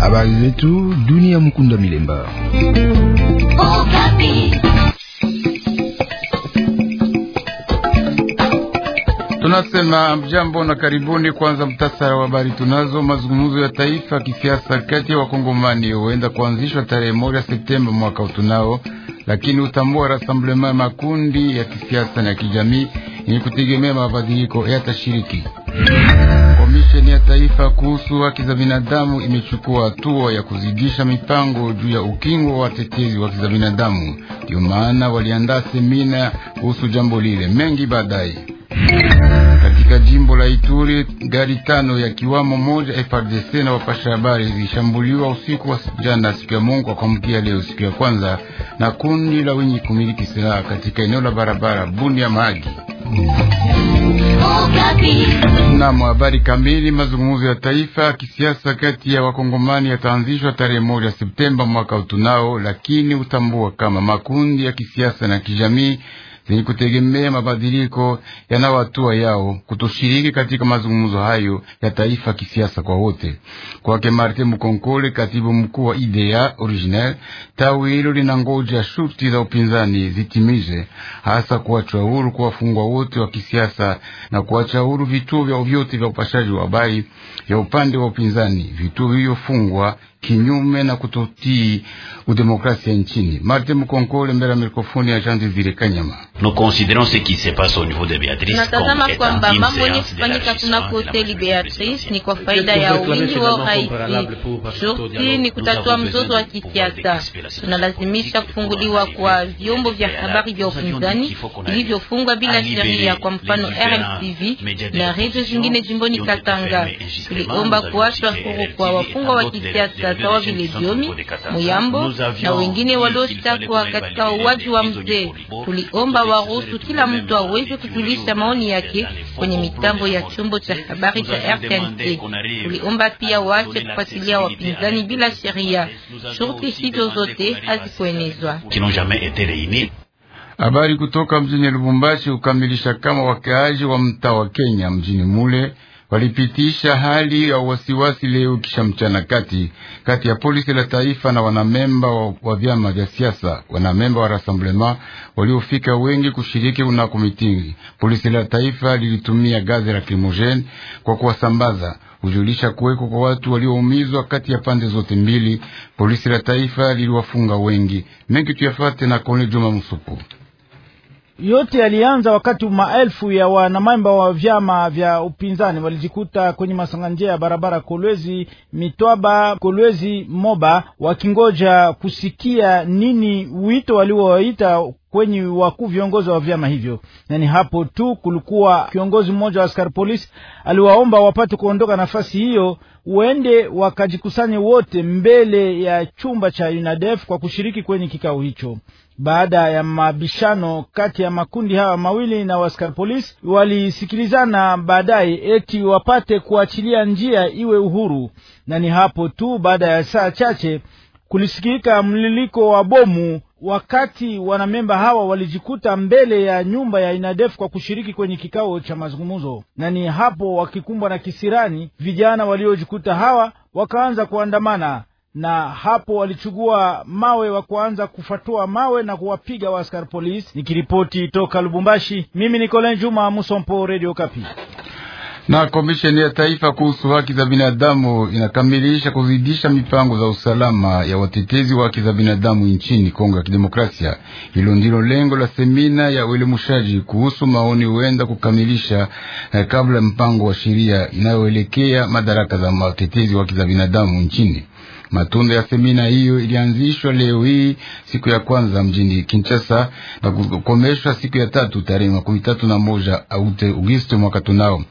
Habari zetu dunia. Mukunda Milemba. Tunasema jambo na karibuni. Kwanza mtasara wa habari tunazo. Mazungumzo ya taifa ya kisiasa kati ya wakongomani huenda kuanzishwa tarehe moja Septemba mwaka utunao, lakini utambua rasamblema ya makundi ya kisiasa na ya kijamii yenye kutegemea mabadiliko yatashiriki Komisheni ya Taifa kuhusu haki za binadamu imechukua hatua ya kuzidisha mipango juu ya ukingo wa watetezi wa haki za binadamu. Ndio maana waliandaa semina kuhusu jambo lile mengi baadaye. Ituri, gari tano ya kiwamo moja frdc na wapasha habari zilishambuliwa usiku wa jana siku ya Mungu akamkia leo siku ya kwanza na kundi la wenye kumiliki silaha katika eneo la barabara Bunia magi Na habari kamili. Mazungumzo ya taifa ya kisiasa kati ya wakongomani yataanzishwa tarehe moja Septemba mwaka utunao, lakini utambua kama makundi ya kisiasa na kijamii zenye kutegemea mabadiliko yanawatua yao kutoshiriki katika mazungumzo hayo ya taifa kisiasa kwa wote. Kwake Martin Mukonkole, katibu mkuu wa idea original, tawi hilo ngoja shuti za upinzani zitimize, hasa kuwacha huru kuwafungwa wote wa kisiasa na kuwacha huru vituo vya vyote vya upashaji wa habari vya upande wa upinzani. Vituo vilivyofungwa kinyume na kutotii udemokrasia nchini. Martin Mkonkole mbele ya mikrofoni ya Jean Desire Kanyama. Tunatazama kwamba mambo yenye kufanyika kunako hoteli Beatrice ni kwa faida ya wingi wa raisi, shurti ni kutatua mzozo wa kisiasa. Tunalazimisha kufunguliwa kwa vyombo vya habari vya upinzani vilivyofungwa bila sheria, kwa mfano RMTV na redio zingine jimboni Katanga. Tuliomba kuachwa huru kwa wafungwa wa kisiasa sawasawa vile Diomi Muyambo na wengine walioshtakwa katika uwaji wa mzee. Tuliomba waruhusu kila mtu aweze kujulisha maoni yake kwenye mitambo ya chombo cha habari cha RTNT. Tuliomba pia waache kufuatilia wapinzani bila sheria. Shurti hizo zote hazikuenezwa. Habari kutoka mjini Lubumbashi ukamilisha kama wakaaji wa mtaa wa Kenya mjini mule walipitisha hali ya wasiwasi leo kisha mchana kati kati ya polisi la taifa na wanamemba wa, vyama vya siasa wanamemba wa Rassemblement waliofika wengi kushiriki unako mitingi. Polisi la taifa lilitumia gazi la krimojeni kwa kuwasambaza hujulisha kuweko kwa watu walioumizwa kati ya pande zote mbili. Polisi la taifa liliwafunga wengi. Mengi tuyafate na Kone Juma Msupu. Yote yalianza wakati maelfu ya wanamemba wa vyama vya upinzani walijikuta kwenye masanganjia ya barabara Kolwezi Mitwaba, Kolwezi Moba, wakingoja kusikia nini wito waliowaita kwenye wakuu viongozi wa vyama hivyo. Na ni hapo tu kulikuwa kiongozi mmoja wa askari polisi aliwaomba wapate kuondoka nafasi hiyo, uende wakajikusanye wote mbele ya chumba cha UNADEF kwa kushiriki kwenye kikao hicho. Baada ya mabishano kati ya makundi haya mawili na waskari polisi, walisikilizana baadaye eti wapate kuachilia njia iwe uhuru, na ni hapo tu baada ya saa chache kulisikika mliliko wa bomu wakati wanamemba hawa walijikuta mbele ya nyumba ya inadefu kwa kushiriki kwenye kikao cha mazungumzo, na ni hapo wakikumbwa na kisirani, vijana waliojikuta hawa wakaanza kuandamana, na hapo walichugua mawe wa kuanza kufatua mawe na kuwapiga waaskari polisi. Nikiripoti toka Lubumbashi, mimi ni Kolen Juma Musompo, Radio Kapi. Na komisheni ya taifa kuhusu haki za binadamu inakamilisha kuzidisha mipango za usalama ya watetezi wa haki za binadamu nchini Kongo ya Kidemokrasia. Hilo ndilo lengo la semina ya uelimushaji kuhusu maoni huenda kukamilisha eh, kabla mpango wa sheria inayoelekea madaraka za watetezi wa haki za binadamu nchini. Matunda ya semina hiyo ilianzishwa leo hii siku ya kwanza mjini Kinshasa na kukomeshwa siku ya tatu tarehe makumi tatu na moja aute Auguste mwaka tunao.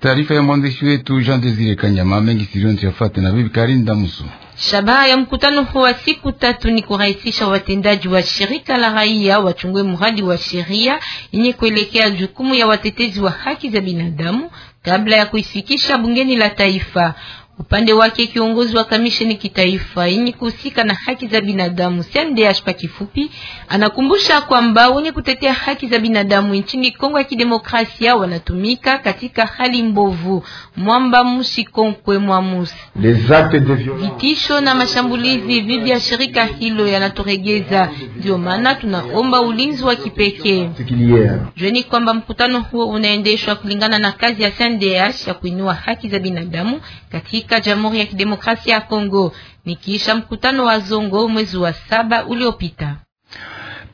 Taarifa ya mwandishi wetu Jean Desire Kanyama mengi sirionti yafate na bibi Karinda Damusu. Shabaha ya mkutano huu wa siku tatu ni kurahisisha watendaji wa shirika la raia wachungue mradi wa sheria yenye kuelekea jukumu ya watetezi wa haki za binadamu kabla ya kuifikisha bungeni la taifa. Upande wake kiongozi wa kamisheni kitaifa yenye kuhusika na haki za binadamu CNDH kwa kifupi, anakumbusha kwamba wenye kutetea haki za binadamu nchini Kongo ya Kidemokrasia wanatumika katika hali mbovu. Mwamba Musikonkwe Mwamusi, vitisho na mashambulizi dhidi ya shirika hilo yanatoregeza, ndio maana tunaomba ulinzi wa kipekee. Jueni kwamba mkutano huo unaendeshwa kulingana na kazi ya CNDH ya kuinua haki za binadamu katika katika Jamhuri ya Kidemokrasia ya Kongo, nikiisha mkutano wa Zongo mwezi wa saba uliopita.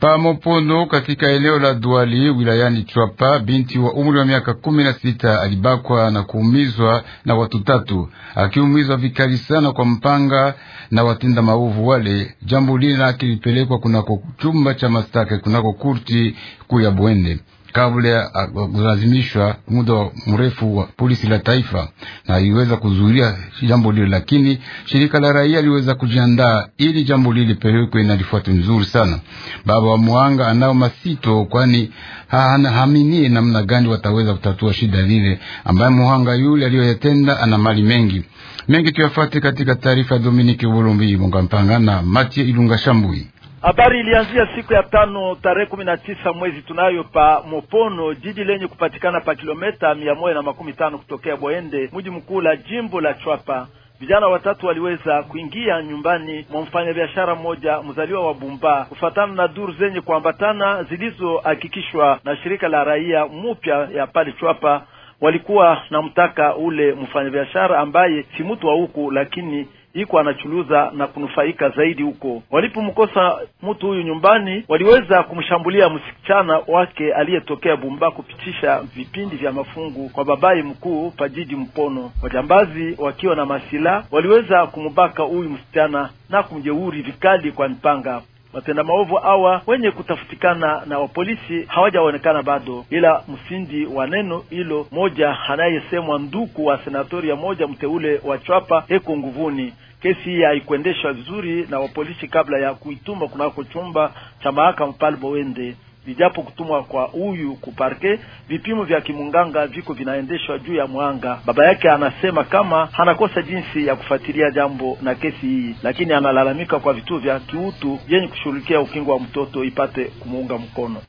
Pamopono katika eneo la Dwali wilayani Chwapa, binti wa umri wa miaka kumi na sita alibakwa na kuumizwa na watu tatu, akiumizwa vikali sana kwa mpanga na watenda maovu wale. Jambo lina kilipelekwa kunako chumba cha mastaka kunako kurti kuu ya Bwende kabla ya kulazimishwa muda wa mrefu wa polisi la taifa, na iweza kuzuria jambo lile, lakini shirika la raia liweza kujiandaa ili jambo lile pelekwe na lifuate mzuri sana. Baba wa Mwanga anao masito, kwani haaminie namna gani wataweza kutatua shida lile, ambaye Mwanga yule aliyoyatenda ana mali mengi mengi. Tuyafate katika taarifa ya Dominike Wolombi Bonga na Matie Ilunga Shambui. Habari ilianzia siku ya tano tarehe kumi na tisa mwezi tunayo pa Mopono, jiji lenye kupatikana pa kilometa mia moja na makumi tano kutokea Boende, mji mkuu la jimbo la Chwapa. Vijana watatu waliweza kuingia nyumbani mwa mfanyabiashara mmoja mzaliwa wa Bumba kufuatana na duru zenye kuambatana zilizohakikishwa na shirika la raia mupya ya pale Chwapa. Walikuwa na mtaka ule mfanyabiashara ambaye si mtu wa huku lakini iko anachuluza na kunufaika zaidi huko. Walipomkosa mtu huyu nyumbani, waliweza kumshambulia msichana wake aliyetokea Bumba kupitisha vipindi vya mafungu kwa babaye mkuu pajiji Mpono. Wajambazi wakiwa na masila waliweza kumbaka huyu msichana na kumjeuri vikali kwa mpanga. Watenda maovu hawa wenye kutafutikana na wapolisi hawajaonekana bado, ila msindi wa neno hilo moja anayesemwa nduku wa senatoria moja mteule wa Chwapa heko nguvuni kesi hii haikuendeshwa vizuri na wapolisi kabla ya kuituma kunako chumba cha mahakama pale Bowende. Vijapo kutumwa kwa huyu kuparke, vipimo vya kimunganga viko vinaendeshwa juu ya mwanga. Baba yake anasema kama anakosa jinsi ya kufuatilia jambo na kesi hii, lakini analalamika kwa vituo vya kiutu vyenye kushughulikia ukingo wa mtoto ipate kumuunga mkono.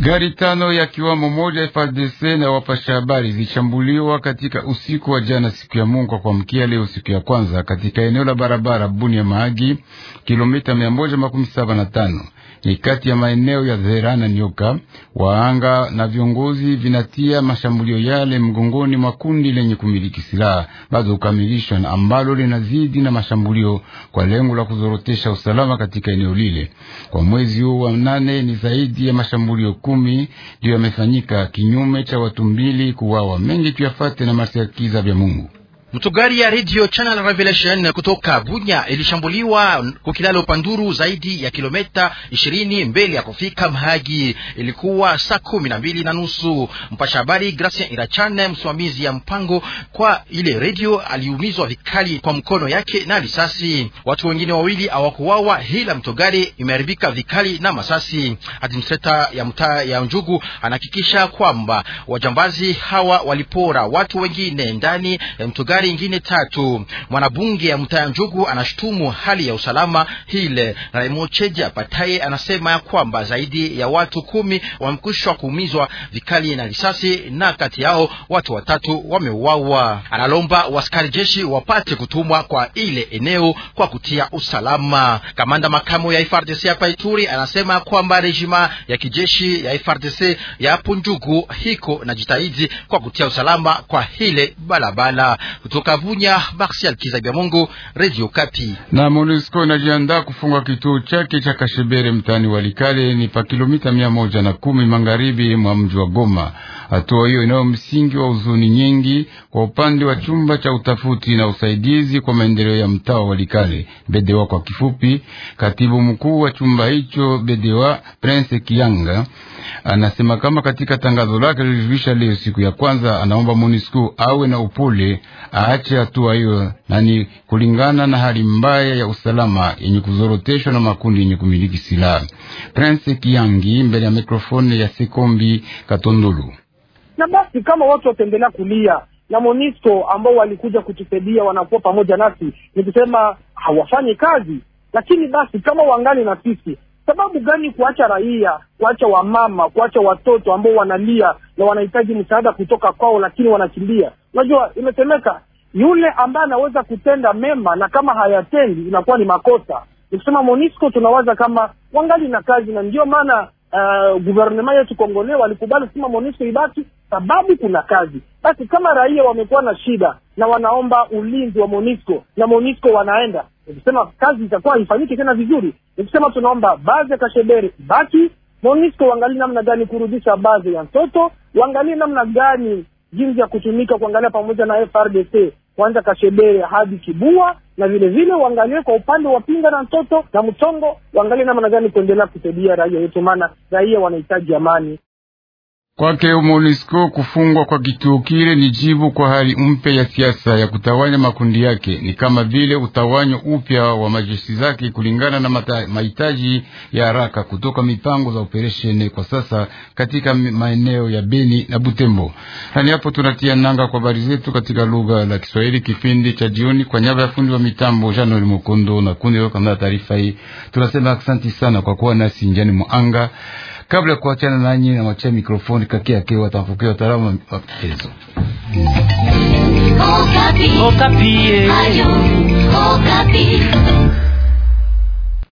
Gari tano ya kiwamo moja frdc na wapasha habari zilishambuliwa katika usiku wa jana siku ya Mungu kwa kuamkia leo siku ya kwanza katika eneo la barabara Bunia maagi kilomita 175 ni kati ya maeneo ya Dhera na Nyoka. Waanga na viongozi vinatia mashambulio yale mgongoni mwa kundi lenye kumiliki silaha bado kukamilishwa, na ambalo linazidi na mashambulio kwa lengo la kuzorotesha usalama katika eneo lile. Kwa mwezi huu wa nane ni zaidi ya mashambulio kumi ndiyo yamefanyika, kinyume cha watu mbili kuwawa. Mengi tuyafate na masikiza vya Mungu. Mtugari ya Radio Channel Revelation kutoka Bunya ilishambuliwa kukilalo panduru zaidi ya kilometa ishirini mbele ya kufika Mhagi. Ilikuwa saa kumi na mbili na nusu. Mpasha habari Gracien Irachane, msimamizi ya mpango kwa ile radio, aliumizwa vikali kwa mkono yake na risasi. Watu wengine wawili hawakuwawa, hila Mtugari imeharibika vikali na masasi. Administrator ya mtaa ya Njugu anahakikisha kwamba wajambazi hawa walipora watu wengine ndani ya Mtugari habari ingine tatu, mwanabunge ya mtaa Njugu anashutumu hali ya usalama hile. Raimo Cheja Pataye anasema ya kwamba zaidi ya watu kumi wamekwishwa kuumizwa vikali na risasi, na kati yao watu watatu wameuawa. Analomba waskari jeshi wapate kutumwa kwa ile eneo kwa kutia usalama. Kamanda makamu ya frdc hapa Ituri anasema kwamba rejima ya kijeshi ya frdc ya Punjugu hiko na jitahidi kwa kutia usalama kwa hile balabala kutoka Bunya, Martial Kizabia Mungu, Radio Kapi. Na MONUSCO inajiandaa kufunga kituo chake cha Kashebere mtaani Walikale, ni pa kilomita mia moja na kumi magharibi mwa mji wa Goma. Hatua hiyo inayo msingi wa huzuni nyingi kwa upande wa chumba cha utafuti na usaidizi kwa maendeleo ya mtaa wa Walikale, Bedewa kwa kifupi. Katibu mkuu wa chumba hicho Bedewa, Prince Kianga, anasema kama katika tangazo lake lilijulisha leo siku ya kwanza, anaomba MONUSCO awe na upole aache hatua hiyo, na ni kulingana na hali mbaya ya usalama yenye kuzoroteshwa na makundi yenye kumiliki silaha. Prince Kiangi mbele ya mikrofoni ya Sekombi Katondulu. Na basi kama watu wataendelea kulia na Monisco ambao walikuja kutusaidia wanakuwa pamoja nasi, ni kusema hawafanyi kazi, lakini basi kama wangali na sisi sababu gani kuacha raia, kuacha wamama, kuacha watoto ambao wanalia na wanahitaji msaada kutoka kwao, lakini wanakimbia? Unajua, imesemeka yule ambaye anaweza kutenda mema, na kama hayatendi inakuwa ni makosa. Nikusema Monisco tunawaza kama wangali na kazi, na ndio maana uh, guvernema yetu Kongole walikubali kusema Monisco ibaki sababu kuna kazi. Basi kama raia wamekuwa na shida na wanaomba ulinzi wa Monisco na Monisco wanaenda nikusema kazi itakuwa haifanyike tena vizuri. Nikusema tunaomba baadhi ya kashebere baki Monisco, wangali namna gani kurudisha baadhi ya mtoto, wangali namna gani jinsi ya kutumika kuangalia pamoja na FRDC kuanza Kashebere hadi Kibua, na vile vile waangalie kwa upande wa Pinga na Mtoto na Mtongo, waangalie namna gani kuendelea kusaidia raia wetu, maana raia wanahitaji amani kwake MONUSCO kufungwa kwa kituo kile ni jibu kwa hali mpya ya siasa ya kutawanya makundi yake, ni kama vile utawanyo upya wa majeshi zake kulingana na mahitaji ya haraka kutoka mipango za operesheni kwa sasa katika maeneo ya Beni na Butembo. Hani hapo tunatia nanga kwa habari zetu katika lugha la Kiswahili kipindi cha jioni, kwa niaba ya fundi wa mitambo Janoli Mukondo na kundi lokamna taarifa hii, tunasema asanti sana kwa kuwa nasi njani mwanga. Kabla ya kuachana nanyi, namwachia mikrofoni kake yake watawafukia wataalamu wa michezo Okapi. Okapi. Eh.